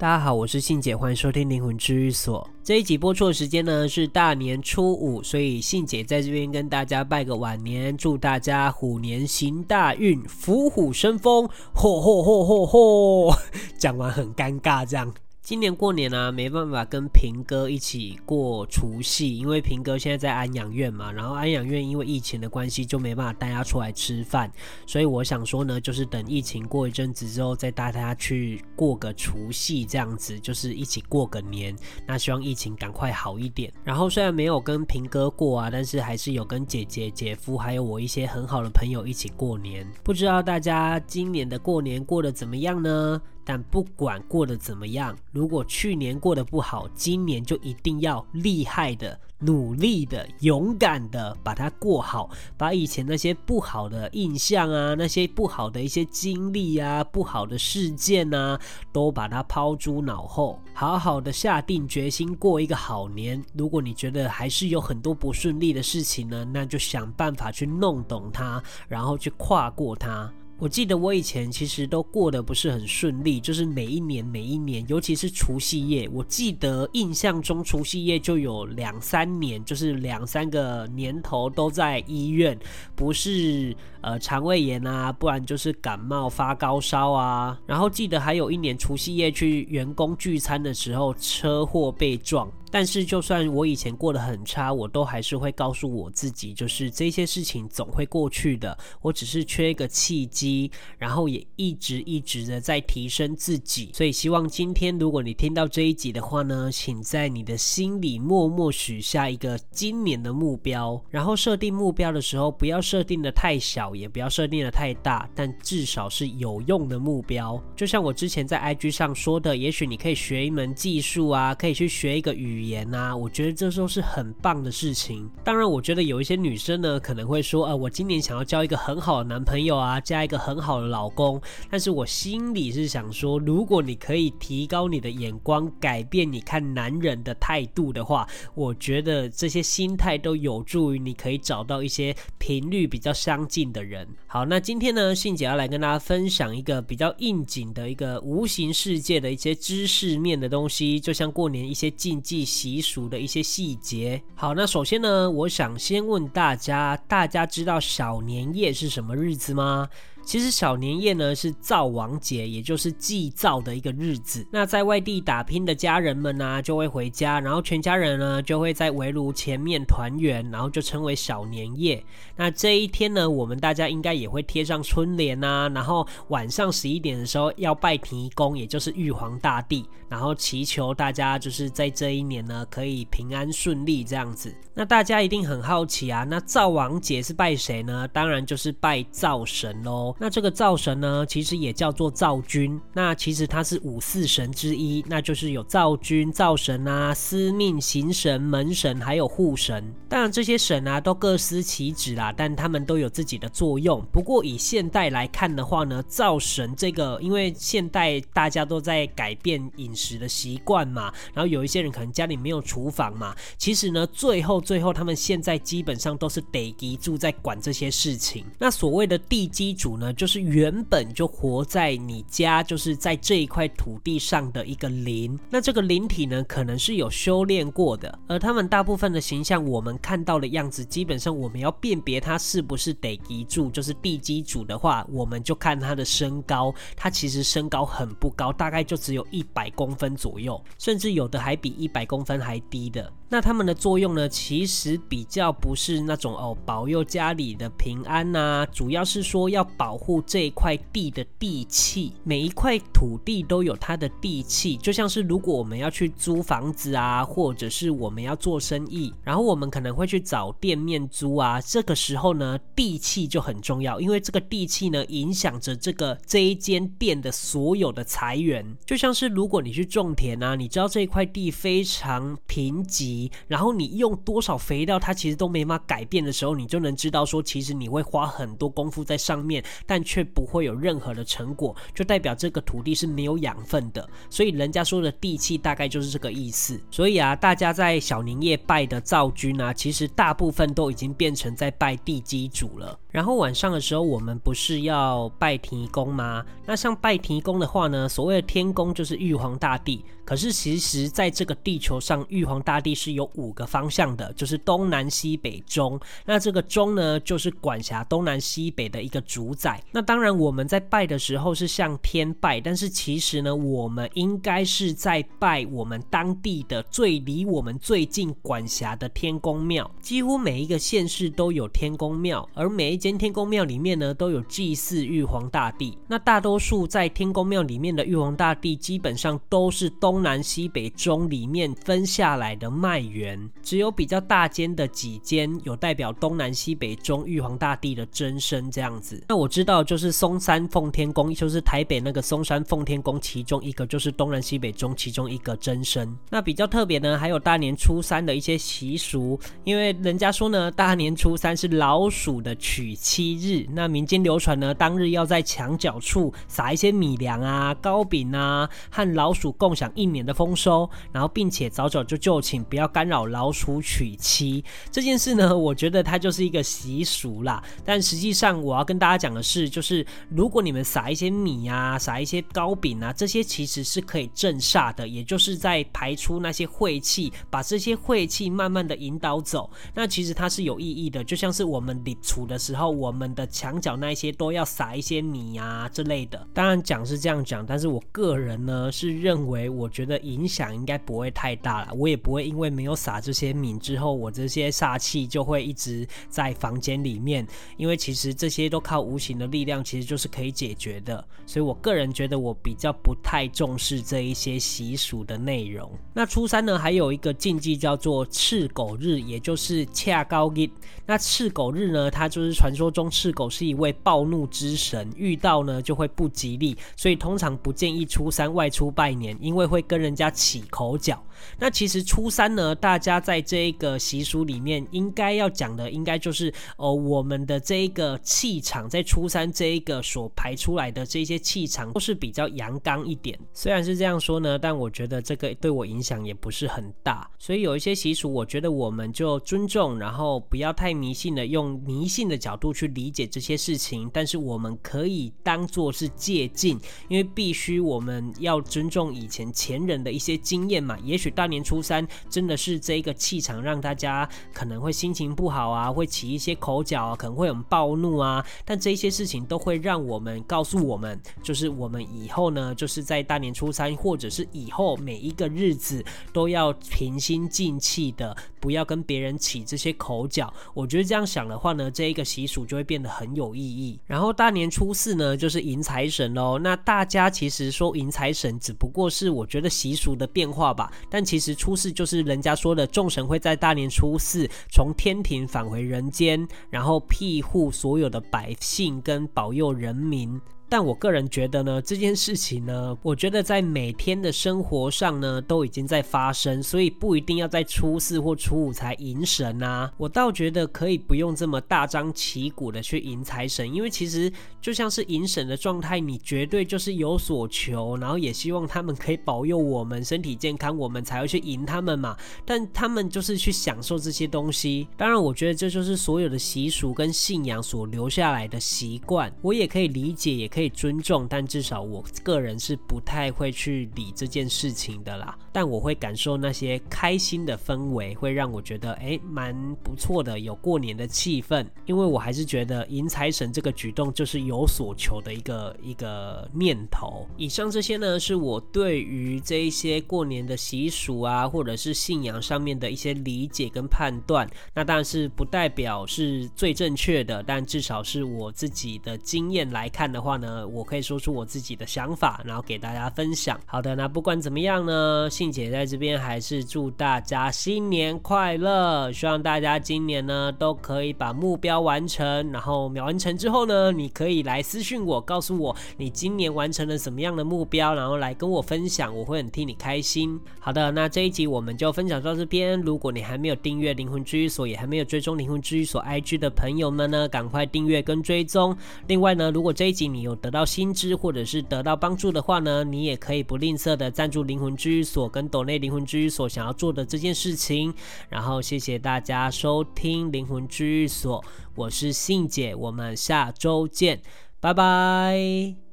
大家好，我是信姐，歡迎收聽《靈魂治癒所》。這一集播出的時間呢是大年初五，所以信姐在這邊跟大家拜個晚年，祝大家虎年行大運，虎虎生風。嚯嚯嚯嚯嚯！講完很尷尬，這樣。今年過年呢、啊，沒辦法跟平哥一起過除夕，因為平哥現在在安養院嘛，然後安養院因為疫情的關係，就沒辦法帶他出來吃飯，所以我想說呢，就是等疫情過一陣子之後，再帶他去過個除夕，這樣子就是一起過個年。那希望疫情趕快好一點。然後雖然沒有跟平哥過啊，但是還是有跟姐姐，姐、姐夫還有我一些很好的朋友一起過年。不知道大家今年的過年過得怎麼樣呢？但不管過得怎麼樣，如果去年過得不好，今年就一定要厲害的、努力的、勇敢的把它過好，把以前那些不好的印象啊、那些不好的一些經歷啊、不好的事件啊，都把它拋諸腦後，好好的下定決心過一個好年。如果你覺得還是有很多不順利的事情呢，那就想辦法去弄懂它，然後去跨過它。我記得我以前其實都過得不是很順利，就是每一年每一年，尤其是除夕夜。我記得印象中除夕夜就有兩三年，就是兩三個年頭都在醫院，不是呃腸胃炎啊，不然就是感冒發高燒啊。然後記得還有一年除夕夜去員工聚餐的時候，車禍被撞。但是，就算我以前過得很差，我都還是會告訴我自己，就是這些事情總會過去的。我只是缺一個契機，然後也一直一直的在提升自己。所以，希望今天如果你聽到這一集的話呢，請在你的心裡默默許下一個今年的目標。然後，設定目標的時候，不要設定的太小，也不要設定的太大，但至少是有用的目標。就像我之前在 IG 上說的，也許你可以學一門技術啊，可以去學一個語。語言吶、啊，我覺得這都是很棒的事情。當然，我覺得有一些女生呢，可能會說，呃，我今年想要交一個很好的男朋友啊，嫁一個很好的老公。但是我心裡是想說，如果你可以提高你的眼光，改變你看男人的態度的話，我覺得這些心態都有助於你可以找到一些頻率比較相近的人。好，那今天呢，信姐要來跟大家分享一個比較應景的一個無形世界的一些知識面的東西，就像過年一些禁忌。習俗的一些細節。好，那首先呢，我想先問大家，大家知道小年夜是什麼日子嗎？其實小年夜呢是灶王節，也就是祭灶的一個日子。那在外地打拼的家人們呢、啊、就會回家，然後全家人呢，就會在圍爐前面團圓，然後就稱為小年夜。那這一天呢，我們大家應該也會貼上春聯啊，然後晚上十一點的時候要拜天公，也就是玉皇大帝，然後祈求，大家就是在這一年呢可以平安順利這樣子。那大家一定很好奇啊，那灶王節是拜誰呢？當然就是拜灶神嘍。那這個灶神呢，其實也叫做灶君。那其實它是五祀神之一，那就是有灶君、灶神啊、司命、行神、門神，還有護神。當然，這些神啊都各司其職啦，但他們都有自己的作用。不過以現代來看的話呢，灶神這個，因為現代大家都在改變飲食的習慣嘛，然後有一些人可能家裡沒有廚房嘛，其實呢，最後最後他們現在基本上都是地基主在管這些事情。那所謂的地基主呢，就是原本就活在你家，就是在這一塊土地上的一個靈。那這個靈體呢，可能是有修煉過的。而他們大部分的形象，我們看到的樣子，基本上我們要辨別它是不是地基主，就是地基主的話，我們就看它的身高。它其實身高很不高，大概就只有一百公分左右，甚至有的還比一百公分還低的。那它們的作用呢，其實比較不是那種哦，保佑家裡的平安吶、啊，主要是說要保護這一塊地的地氣。每一塊土地都有它的地氣，就像是如果我們要去租房子啊，或者是我們要做生意，然後我們可能會去找店面租啊，這個時候呢，地氣就很重要，因為這個地氣呢，影響着這個這一間店的所有的財源。就像是如果你去種田啊，你知道這一塊地非常貧瘠。然後你用多少肥料，它其實都沒法改變的時候，你就能知道說，其實你會花很多功夫在上面，但卻不會有任何的成果，就代表這個土地是沒有養分的。所以人家說的地氣大概就是這個意思。所以啊，大家在小年夜拜的灶君啊，其實大部分都已經變成在拜地基主了。然後晚上的時候，我們不是要拜天公嗎？那像拜天公的話呢，所謂的天公就是玉皇大帝。可是其實在這個地球上，玉皇大帝是有五個方向的，就是東南西北中。那這個中呢，就是管轄東南西北的一個主宰。那當然我們在拜的時候是向天拜，但是其實呢，我們應該是在拜我們當地的最離我們最近管轄的天宮廟。幾乎每一個縣市都有天宮廟，而每一個間天公廟裡面呢，都有祭祀玉皇大帝。那大多數在天公廟裡面的玉皇大帝，基本上都是東南西北中裡面分下來的脈源，只有比較大間的幾間有代表東南西北中玉皇大帝的真身這樣子。那我知道，就是松山奉天宮，就是台北那個松山奉天宮，其中一個就是東南西北中其中一個真身。那比較特別呢，還有大年初三的一些習俗，因為人家說呢，大年初三是老鼠的娶。七日，那民間流傳呢，當日要在牆角處撒一些米糧啊、糕餅啊，和老鼠共享一年的豐收，然後並且早早就就寢，不要干擾老鼠娶妻這件事呢。我覺得它就是一個習俗啦。但實際上，我要跟大家講的是，就是如果你們撒一些米啊、撒一些糕餅啊，這些其實是可以鎮煞的，也就是在排出那些晦氣，把這些晦氣慢慢的引導走。那其實它是有意義的，就像是我們立廚的時候。然後我們的牆角那些都要撒一些米啊之類的，當然講是這樣講，但是我個人呢是認為，我覺得影響應該不會太大了，我也不會因為沒有撒這些米之後，我這些煞氣就會一直在房間裡面，因為其實這些都靠無形的力量，其實就是可以解決的，所以我個人覺得我比較不太重視這一些習俗的內容。那初三呢還有一個禁忌叫做赤狗日，也就是恰高日。那赤狗日呢，它就是傳。傳說中赤狗是一位暴怒之神，遇到呢就會不吉利，所以通常不建議初三外出拜年，因為會跟人家起口角。那其實初三呢，大家在這一個習俗裡面應該要講的，應該就是呃、哦、我們的這一個氣場，在初三這一個所排出來的這些氣場都是比較陽剛一點。雖然是這樣說呢，但我覺得這個對我影響也不是很大，所以有一些習俗，我覺得我們就尊重，然後不要太迷信的，用迷信的角度多去理解這些事情，但是我們可以當做是借鑑，因為必須我們要尊重以前前人的一些經驗嘛。也許大年初三真的是這一個氣場讓大家可能會心情不好啊，會起一些口角啊，可能會很暴怒啊。但這些事情都會讓我們告訴我們，就是我們以後呢，就是在大年初三或者是以後每一個日子都要平心靜氣的，不要跟別人起這些口角。我覺得這樣想的話呢，這一個習。就會變得很有意義。然後大年初四呢，就是迎財神嘍。那大家其實說迎財神，只不過是我覺得習俗的變化吧。但其實初四就是人家說的眾神會在大年初四從天庭返回人間，然後庇護所有的百姓跟保佑人民。但我個人覺得呢，這件事情呢，我覺得在每天的生活上呢，都已經在發生，所以不一定要在初四或初五才迎神吶、啊。我倒覺得可以不用這麼大張旗鼓的去迎財神，因為其實就像是迎神的狀態，你絕對就是有所求，然後也希望他們可以保佑我們身體健康，我們才會去迎他們嘛。但他們就是去享受這些東西。當然，我覺得這就是所有的習俗跟信仰所留下來的習慣，我也可以理解，也可以。可以尊重，但至少我個人是不太會去理這件事情的啦。但我會感受那些開心的氛圍，會讓我覺得誒，蠻不錯的，有過年的氣氛。因為我還是覺得迎財神這個舉動就是有所求的一個一個念頭。以上這些呢，是我對於這一些過年的習俗啊，或者是信仰上面的一些理解跟判斷。那當然是不代表是最正確的，但至少是我自己的經驗來看的話呢，我可以說出我自己的想法，然後給大家分享。好的，那不管怎麼樣呢。並且在這邊還是祝大家新年快樂，希望大家今年呢都可以把目標完成，然後秒完成之後呢，你可以來私訊我，告訴我你今年完成了什麼樣的目標，然後來跟我分享，我會很替你開心。好的，那這一集我們就分享到這邊。如果你還沒有訂閱靈魂治癒所，也還沒有追蹤靈魂治癒所 IG 的朋友們呢，趕快訂閱跟追蹤。另外呢，如果這一集你有得到新知或者是得到幫助的話呢，你也可以不吝嗇的贊助靈魂治癒所。跟抖內靈魂治癒所想要做的這件事情，然後謝謝大家收聽靈魂治癒所，我是信姐，我們下周見，拜拜。